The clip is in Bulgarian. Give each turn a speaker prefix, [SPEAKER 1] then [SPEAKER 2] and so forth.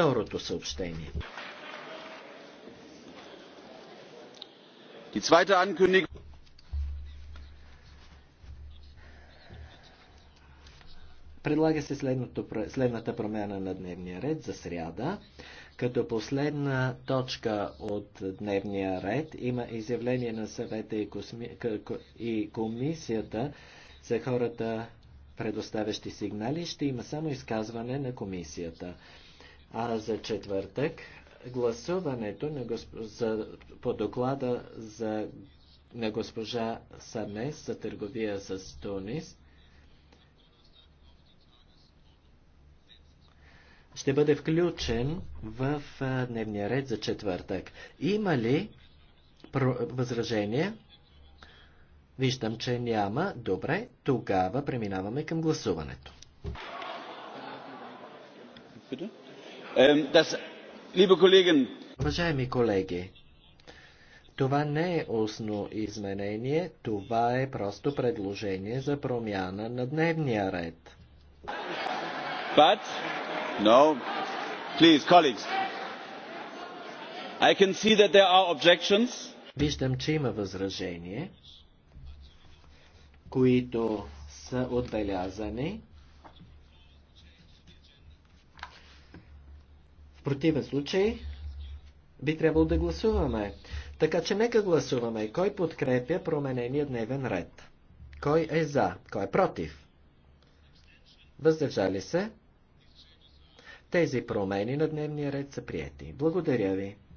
[SPEAKER 1] второто съобщение. Предлага се следното, следната промяна на дневния ред за сряда. Като последна точка от дневния ред има изявление на съвета и, косми... и комисията за хората, предоставящи сигнали. Ще има само изказване на комисията. А за четвъртък гласуването на госп... за... по доклада за... на госпожа Сарнес за търговия с Тунис ще бъде включен в дневния ред за четвъртък. Има ли възражение? Виждам, че няма. Добре, тогава преминаваме към гласуването. Уважаеми колеги, това не е устно изменение, това е просто предложение за промяна на дневния ред. But, no, please, colleagues, I can see that there are objections. Виждам, че има възражение, които са отбелязани. В противен случай би трябвало да гласуваме. Така че нека гласуваме. Кой подкрепя променения дневен ред? Кой е за? Кой е против? Въздържали се? Тези промени на дневния ред са прияти. Благодаря ви.